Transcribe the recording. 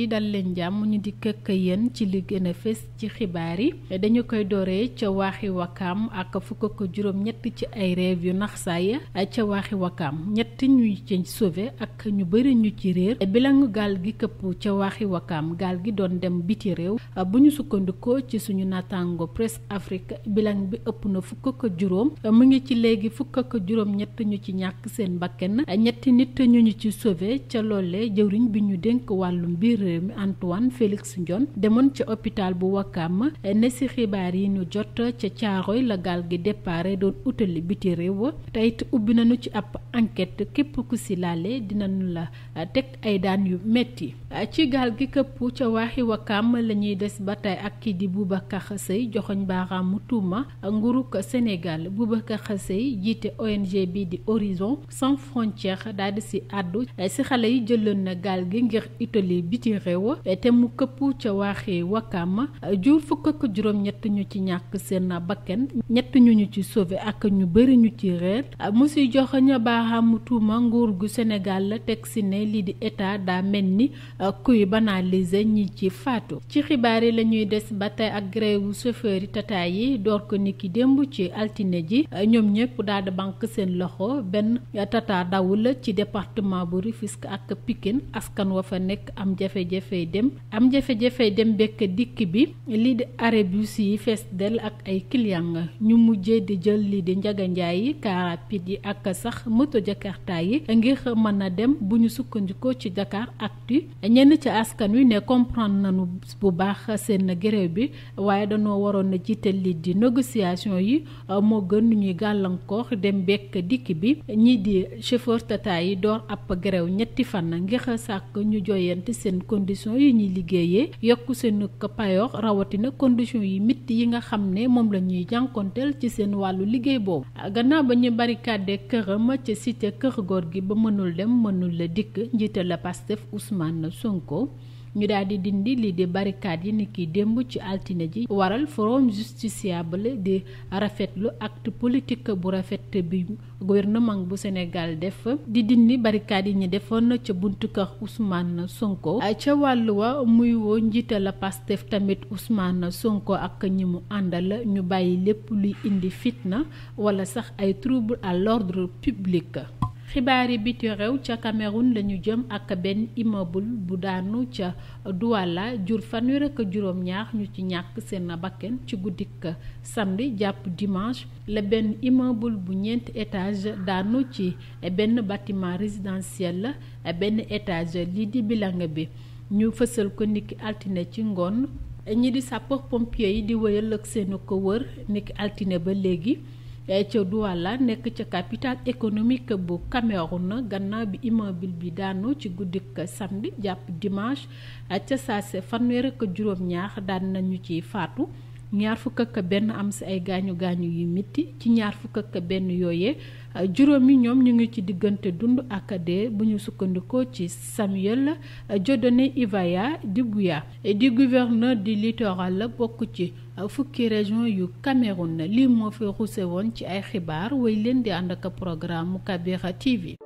yi dal leen jàmm ñu di këkk yenn ci li gën a ci xibaar yi dañu koy dooree ca waaxi wakaam ak fukk ak ñett ci ay réew yu nax saay ca waaxi wakaam ñett ñuy ci sauvé ak ñu bëri ñu ci réer bilang gaal gi këpp ca waaxi wakaam gaal gi doon dem biti réew bu ñu sukkandikoo ci suñu naataango presse Afrique bilang bi ëpp na fukk ak juróom mu ngi ci léegi fukk ak ñett ñu ci ñàkk seen bakken ñett nit ñu ñu ci sauvé ca loolee jëwriñ bi ñu dénk wàllum mbir réew mi Antoine Félix Ndione demoon ca opital bu Wakam eh, ne si xibaar yi nu jot ca Caaroy la gaal gi déparé doon utali biti réew te it ubbi nañu ci ab enquête képp ku si dina dinañu la eh, teg ay daan yu metti eh, ci gaal gi këpp ca waaxi Wakam la ñuy des ba tey ak kii di Boubacar Seye joxoñ baaraamu tuuma nguurug Sénégal Boubacar Seye jiite ONG bi di Horizon sans frontières daal di àddu si xale yi jëloon na gaal gi ngir utali biti ci réew e te mu këpp ca waaxi Wakam jur fukk ak juróom-ñett ñu ci ñàkk seen bakken ñett ñu ñu ci sauvé ak ñu bëri ñu ci réer mu si joxoñ baaxaamu tuuma nguur gu la teg si ne lii di état daa mel ni euh, kuy banaliser ñi ci faatu ci xibaar yi la ñuy des ba tey ak wu chauffeur yi tata yi door ko niki démb ci altine ji euh, ñoom ñëpp daal di banque seen loxo benn euh, tata dawul ci département bu Rufisque ak Pikine askan wa fa nekk am jafe jafe-jafey dem am jafe-jafey dem bekk dikk bi lii di arébus yi fees del ak ay client ñu mujjee di jël lii di njaganjaay yi car yi ak sax moto jakarta yi ngir mën a dem bu ñu sukkandikoo ci Dakar Actu ñenn ci askan wi ne comprendre nañu bu baax seen grève bi waaye dañoo waroon a jiital lii di négociation yi moo gën ñuy gàllankoor dem bekk dikk bi ñii di chauffeur tata yi door ab grève ñetti fan ngir sàkk ñu joyante seen condition yi ñuy liggéeye yokk seen payoor rawatina condition yi métti yi nga xam ne moom la ñuy jànkonteel ci seen wàllu liggéey boobu gannaaw ba ñu barricade këram ca cité kër góor gi ba mënul dem mënul la dikk njiite la Pastef Ousmane Sonko ñu daal di dindi lii di barricade yi ni ki démb ci altine ji waral forum justiciable di rafetlu ak politique bu rafet bi gouvernement bu senegal def di dindi barricade yi ñu defoon ca buntuka usmaan Ousmane Sonko ca wàll wa muy woo njiita la Pastef tamit Ousmane Sonko ak ñi mu àndal ñu bàyyi lépp luy indi na wala sax ay trouble à l'ordre public xibaar yi biti réew ca Cameroun lañu jëm ak benn immeuble bu daanu ca Douala jur fanweer ak juróom ñaar ñu ci ñàkk seen bakken ci guddik samedi jàpp dimanche la benn immeuble bu ñeenti étage daanu ci benn bâtiment résidentiel la benn étage lii di bilang bi ñu fësal ko niki altine ci ngoon ñi di sapeur pompier yi di wëyal ak seen ko wër niki altine ba léegi. ca Douala nekk ca capitale économique bu na gannaaw bi immeuble bi daanu ci guddik samedi jàpp dimanche ca saase fanweer ak juróom ñaax daan nañu ci faatu ñaar fukk ak benn am si ay gaañu gaañu yuy métti ci ñaar fukk ak benn yooyee juróomi ñoom ñu ngi ci diggante dund ak dee bu ñu sukkandikoo ci Samuel la Ivaya Doumbouya di gouverneur du littoral la bokk ci fukki région yu na lii moo fi ruuse woon ci ay xibaar way leen di ànd ak programme Kabira TV